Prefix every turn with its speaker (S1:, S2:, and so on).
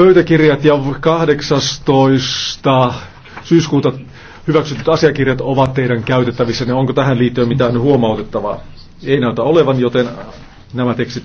S1: Pöytäkirjat ja 18. syyskuuta hyväksytyt asiakirjat ovat teidän käytettävissä. Onko tähän liittyen mitään huomautettavaa? Ei näytä olevan,
S2: joten nämä tekstit